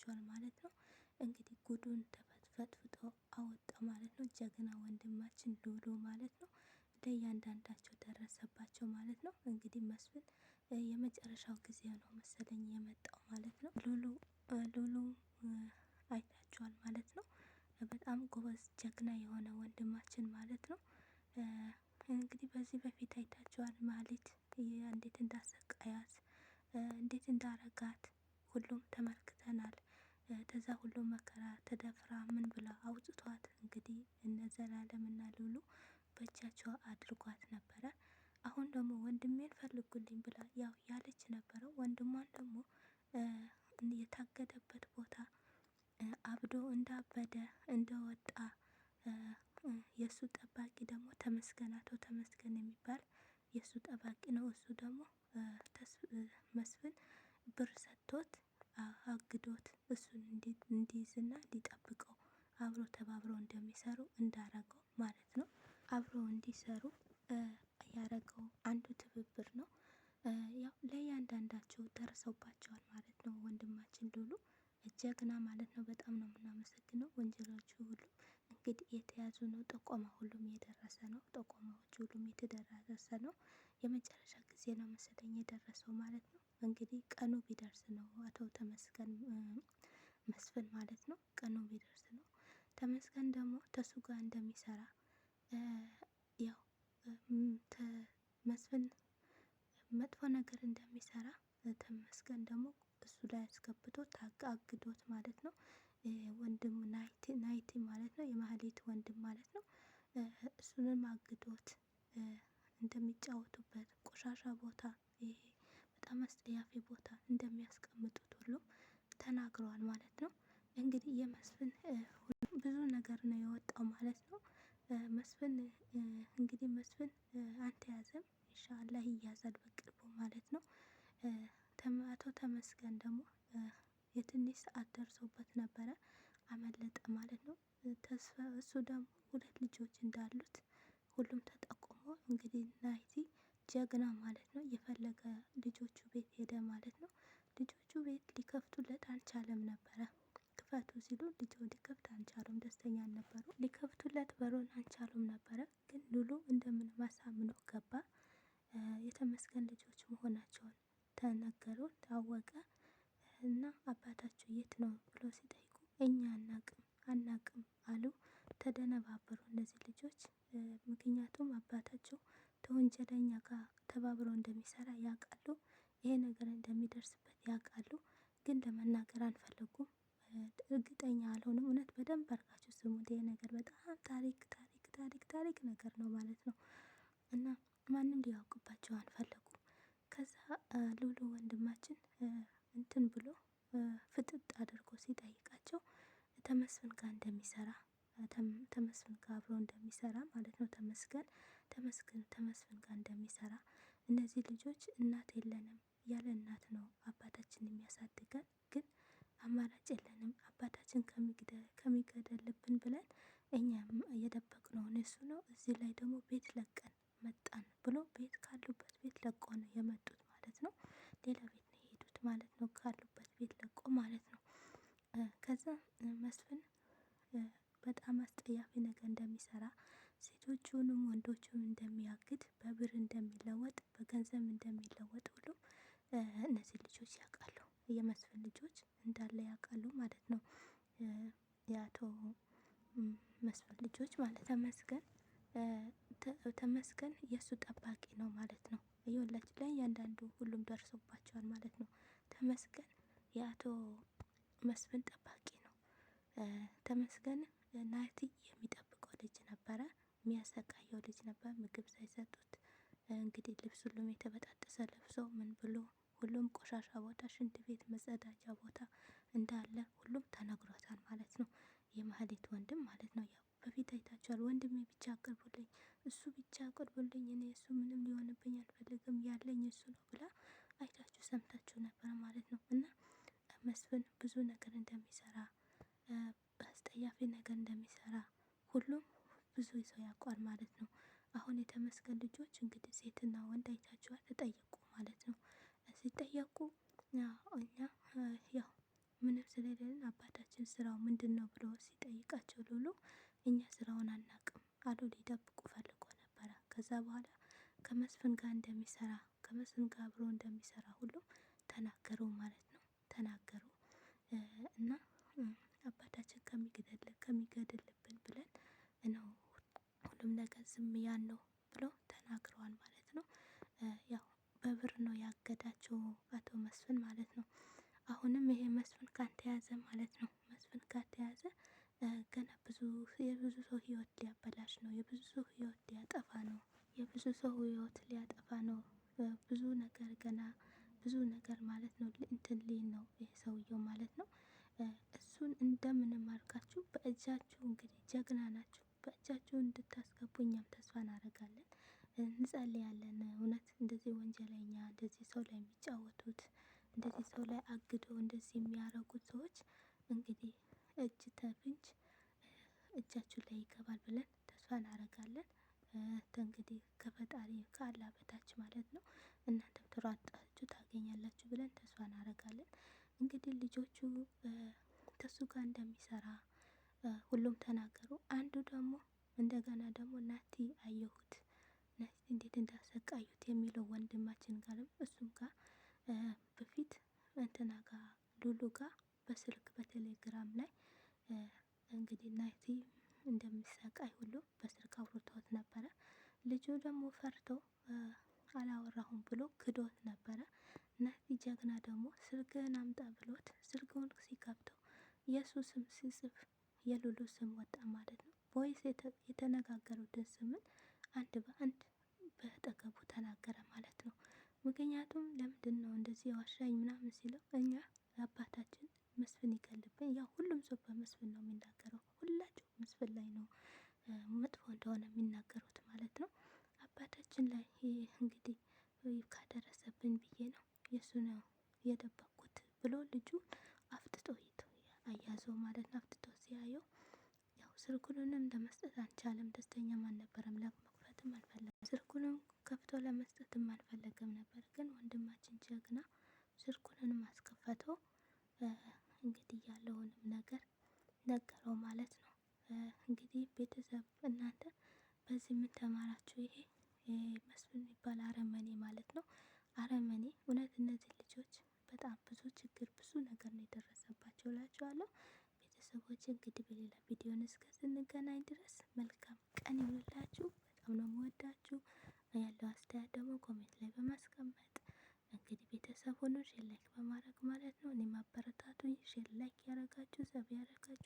ይላቸዋል ማለት ነው። እንግዲህ ጉዱን ተፈጥፍጦ አወጣ ማለት ነው። ጀግና ወንድማችን ሎሎ ማለት ነው። ለእያንዳንዳቸው ደረሰባቸው ማለት ነው። እንግዲህ መስፍን የመጨረሻው ጊዜ ነው መሰለኝ የመጣው ማለት ነው። ሎሎ ሉሉ ማለት ነው። በጣም ጎበዝ ጀግና የሆነ ወንድማችን ማለት ነው። እንግዲህ በዚህ በፊት አይታችኋል ማለት እንዴት እንዳሰቃያት እንዴት እንዳረጋት ሁሉም ተመልክተናል። ከዛ ሁሉ መከራ ተደፍራ ምን ብላ አውጥቷት እንግዲህ እነ ዘላለም እና በእጃቸው አድርጓት ነበረ። አሁን ደግሞ ወንድሜን ፈልጉልኝ ብላ ያው ያለች ነበረው። ወንድሟን ደግሞ የታገደበት ቦታ አብዶ እንዳበደ እንደወጣ የእሱ ጠባቂ ደግሞ ተመስገናቶ ተመስገን የሚባል የእሱ ጠባቂ ነው። እሱ ደግሞ መስፍን ብር ሰጥቶት አግዶት እሱን እንዲይዝና እንዲጠብቀው አብሮ ተባብረው እንደሚሰሩ እንዳረገው ማለት ነው። አብረው እንዲሰሩ ያረገው አንዱ ትብብር ነው። ያው ለእያንዳንዳቸው ደርሰውባቸዋል ማለት ነው። ወንድማችን ሉሉ ጀግና ማለት ነው። በጣም ነው የምናመሰግነው። ወንጀሎቹ ሁሉ እንግዲህ የተያዙ ነው። ጠቆማ ሁሉም የደረሰ ነው። ጠቆማዎች ሁሉም የተደረሰ ነው። የመጨረሻ ጊዜ ነው መሰለኝ የደረሰው ማለት ነው። እንግዲህ ቀኑ ቢደርስ ነው አቶ ተመስገን መስፍን ማለት ነው። ቀኑ ቢደርስ ነው ተመስገን ደግሞ ተሱ ጋር እንደሚሰራ ያው መስፍን መጥፎ ነገር እንደሚሰራ ተመስገን ደግሞ እሱ ላይ አስገብቶ አግዶት ማለት ነው። ወንድም ናይቲ ማለት ነው የማህሌት ወንድም ማለት ነው። እሱንም አግዶት እንደሚጫወቱበት ቆሻሻ ቦታ ይሄ በጣም አስጠያፊ ቦታ እንደሚያስቀምጡት ሁሉ ተናግረዋል ማለት ነው። እንግዲህ የመስፍን ብዙ ነገር ነው የወጣው ማለት ነው። መስፍን እንግዲህ መስፍን አልተያዘም፣ ኢንሻላህ ይያዛል በቅርቡ ማለት ነው። አቶ ተመስገን ደግሞ የትንሽ ሰዓት ደርሶበት ነበረ አመለጠ ማለት ነው። እሱ ደግሞ ሁለት ልጆች እንዳሉት ሁሉም ተጠቁሞ እንግዲህ ናይቲ ጀግና ማለት ነው። ሲሉ ልጁ ሊከፍት አልቻሉም። ደስተኛ አልነበሩ። ሊከፍቱለት በሩን አልቻሉም ነበረ። ግን ሉሉ እንደምን አሳምኖ ገባ። የተመስገን ልጆች መሆናቸውን ተነገሩ፣ ታወቀ እና አባታቸው የት ነው ብሎ ሲጠይቁ እኛ አናቅም አናቅም አሉ። ተደነባበሩ እነዚህ ልጆች ምክንያቱም አባታቸው ተወንጀለኛ ጋር እርግጠኛ አልሆንም። እውነት በደንብ አድርጋችሁ ስሙት። ይሄ ነገር በጣም ታሪክ ታሪክ ታሪክ ታሪክ ነገር ነው ማለት ነው እና ማንም ሊያውቅባቸው አልፈለጉም። ከዛ ሉሉ ወንድማችን እንትን ብሎ ፍጥጥ አድርጎ ሲጠይቃቸው ተመስፍን ጋር እንደሚሰራ ተመስፍን ጋር አብሮ እንደሚሰራ ማለት ነው ተመስገን ተመስገን ተመስፍን ጋር እንደሚሰራ እነዚህ ልጆች እናት የለንም ያለ እናት ነው አባታችን የሚያሳድገን ግን አማራጭ የለንም። አባታችን ከሚገደልብን ብለን እኛ የደበቅነውን እሱ ነው። እዚህ ላይ ደግሞ ቤት ለቀን መጣን ብሎ ቤት ካሉበት ቤት ለቆ ነው የመጡት ማለት ነው። ሌላ ቤት ነው የሄዱት ማለት ነው። ካሉበት ቤት ለቆ ማለት ነው። ከዛ መስፍን በጣም አስጠያፊ ነገር እንደሚሰራ ሴቶቹንም ወንዶቹን እንደሚያግድ በብር እንደሚለወጥ በገንዘብ እንደሚለወጥ ሁሉ እነዚህ ልጆች ያውቃሉ። የመስፍን ልጆች እንዳለ ያውቃሉ ማለት ነው። የአቶ መስፍን ልጆች ማለት ተመስገን ተመስገን የእሱ ጠባቂ ነው ማለት ነው። የሁላችን ላይ እያንዳንዱ ሁሉም ደርሶባቸዋል ማለት ነው። ተመስገን የአቶ መስፍን ጠባቂ ነው። ተመስገን ናቲ የሚጠብቀው ልጅ ነበረ። የሚያሰቃየው ልጅ ነበር። ምግብ ሳይሰጡት እንግዲህ ልብስ ሁሉም የተበጣጠሰ ለብሶ ምን ብሎ ሁሉም ቆሻሻ ቦታ፣ ሽንት ቤት፣ መጸዳጃ ቦታ እንዳለ ሁሉም ተነግሯታል ማለት ነው። የማህሌት ወንድም ማለት ነው። ያው በፊት አይታችኋል። ወንድሜ ብቻ አቅርቡልኝ፣ እሱ ብቻ አቅርቡልኝ፣ እኔ እሱ ምንም ሊሆንብኝ አልፈልግም፣ ያለኝ እሱ ነው ብላ አይታችሁ ሰምታችሁ ነበር ማለት ነው። እና መስፍን ብዙ ነገር እንደሚሰራ አስጠያፊ ነገር እንደሚሰራ ሁሉም ብዙ ሰው ያውቋል ማለት ነው። አሁን የተመስገን ልጆች እንግዲህ ሴትና ወንድ አይታችኋል፣ ተጠየቁ ማለት ነው። ሲጠየቁ እኛ ያው ምንም ስለሌለን አባታችን ስራው ምንድን ነው ብሎ ሲጠይቃቸው ሉሉ እኛ ስራውን አናቅም አሉ። ሊደብቁ ፈልጎ ነበረ። ከዛ በኋላ ከመስፍን ጋር እንደሚሰራ ከመስፍን ጋር አብሮ እንደሚሰራ ሁሉ ተናገሩ ማለት ነው። ተናገሩ እና አባታችን ከሚገድልብን ብለን ነው ሁሉም ነገር ዝም ያን ነው ያገዳቸው አቶ መስፍን ማለት ነው። አሁንም ይሄ መስፍን ካልተያዘ ማለት ነው መስፍን ካልተያዘ ገና ብዙ የብዙ ሰው ህይወት ሊያበላሽ ነው። የብዙ ሰው ህይወት ሊያጠፋ ነው። የብዙ ሰው ህይወት ሊያጠፋ ነው። ብዙ ነገር ገና ብዙ ነገር ማለት ነው እንትን ሊል ነው ይህ ሰውየው ማለት ነው። እሱን እንደምንም አድርጋችሁ በእጃችሁ እንግዲህ ጀግና ናችሁ በእጃችሁ እንድታስገቡ እኛም ተስፋ እናደርጋለን። እንጸልያለን። እውነት እንደዚህ ወንጀለኛ እንደዚህ ሰው ላይ የሚጫወቱት እንደዚህ ሰው ላይ አግደው እንደዚህ የሚያረጉት ሰዎች እንግዲህ እጅ ተፍንጅ እጃችሁ ላይ ይገባል ብለን ተስፋ እናደርጋለን። እንግዲህ ከፈጣሪ ከአላህ በታች ማለት ነው እናንተም ትሯጣችሁ ታገኛላችሁ ብለን ተስፋ እናደርጋለን። እንግዲህ ልጆቹ ከሱ ጋር እንደሚሰራ ሁሉም ተናገሩ። አንዱ ደግሞ እንደገና ደግሞ ናቲ አየሁት እንዴት እንዳሰቃዩት የሚለው ወንድማችን ጋርም እሱም ጋር በፊት እንትና ጋር ሉሉ ጋር በስልክ በቴሌግራም ላይ እንግዲህ ናቲ እንደሚሰቃይ ሁሉ በስልክ አውርቶት ነበረ። ልጁ ደግሞ ፈርቶ አላወራሁም ብሎ ክዶት ነበረ። ናቲ ጀግና ደግሞ ስልክህን አምጣ ብሎት ስልክውን ሲከፍተው የእሱ ስም ሲጽፍ የሉሉ ስም ወጣ ማለት ነው። ቮይስ የተነጋገሩትን ስምን አንድ በአንድ በጠገቡ ተናገረ ማለት ነው። ምክንያቱም ለምንድን ነው እንደዚህ የዋሻኝ ምናምን ሲለው እኛ አባታችን መስፍን ይገልብን። ያው ሁሉም ሰው በመስፍን ነው የሚናገረው። ሁላቸው መስፍን ላይ ነው መጥፎ እንደሆነ የሚናገሩት ማለት ነው። አባታችን ላይ እንግዲህ ካደረሰብን ብዬ ነው የእሱ ነው የደበኩት ብሎ ልጁ አፍጥጦ አያዘው ማለት ነው። አፍጥጦ ሲያየው ያው ስልኩንም ለመስጠት አልቻለም። ደስተኛም አልነበረም። አስከፍቶ ለመስጠትም አልፈለገም ነበር። ግን ወንድማችን ጀግና ስልኩንን አስከፈቶ እንግዲህ ያለውንም ነገር ነገረው ማለት ነው። እንግዲህ ቤተሰብ እናንተ በዚህ ምን ተማራችሁ? ይሄ መስፍን የሚባል አረመኔ ማለት ነው። አረመኔ እውነት እነዚህ ልጆች በጣም ብዙ ችግር ብዙ ነገር ነው የደረሰባቸው እላችኋለሁ። ቤተሰቦች እንግዲህ በሌላ ቪዲዮን እስከ ስንገናኝ ድረስ መልካም ቀን ይሁንላችሁ። በጣም ነው የምወዳችሁ። ያለው አስተያየት ደግሞ ኮሜንት ላይ በማስቀመጥ እንግዲህ ቤተሰብ ሆኖ ሼር ላይክ በማድረግ ማለት ነው። እኔ ማበረታቱ ሼር ላይክ ያረጋችሁ ሰብ ያረጋችሁ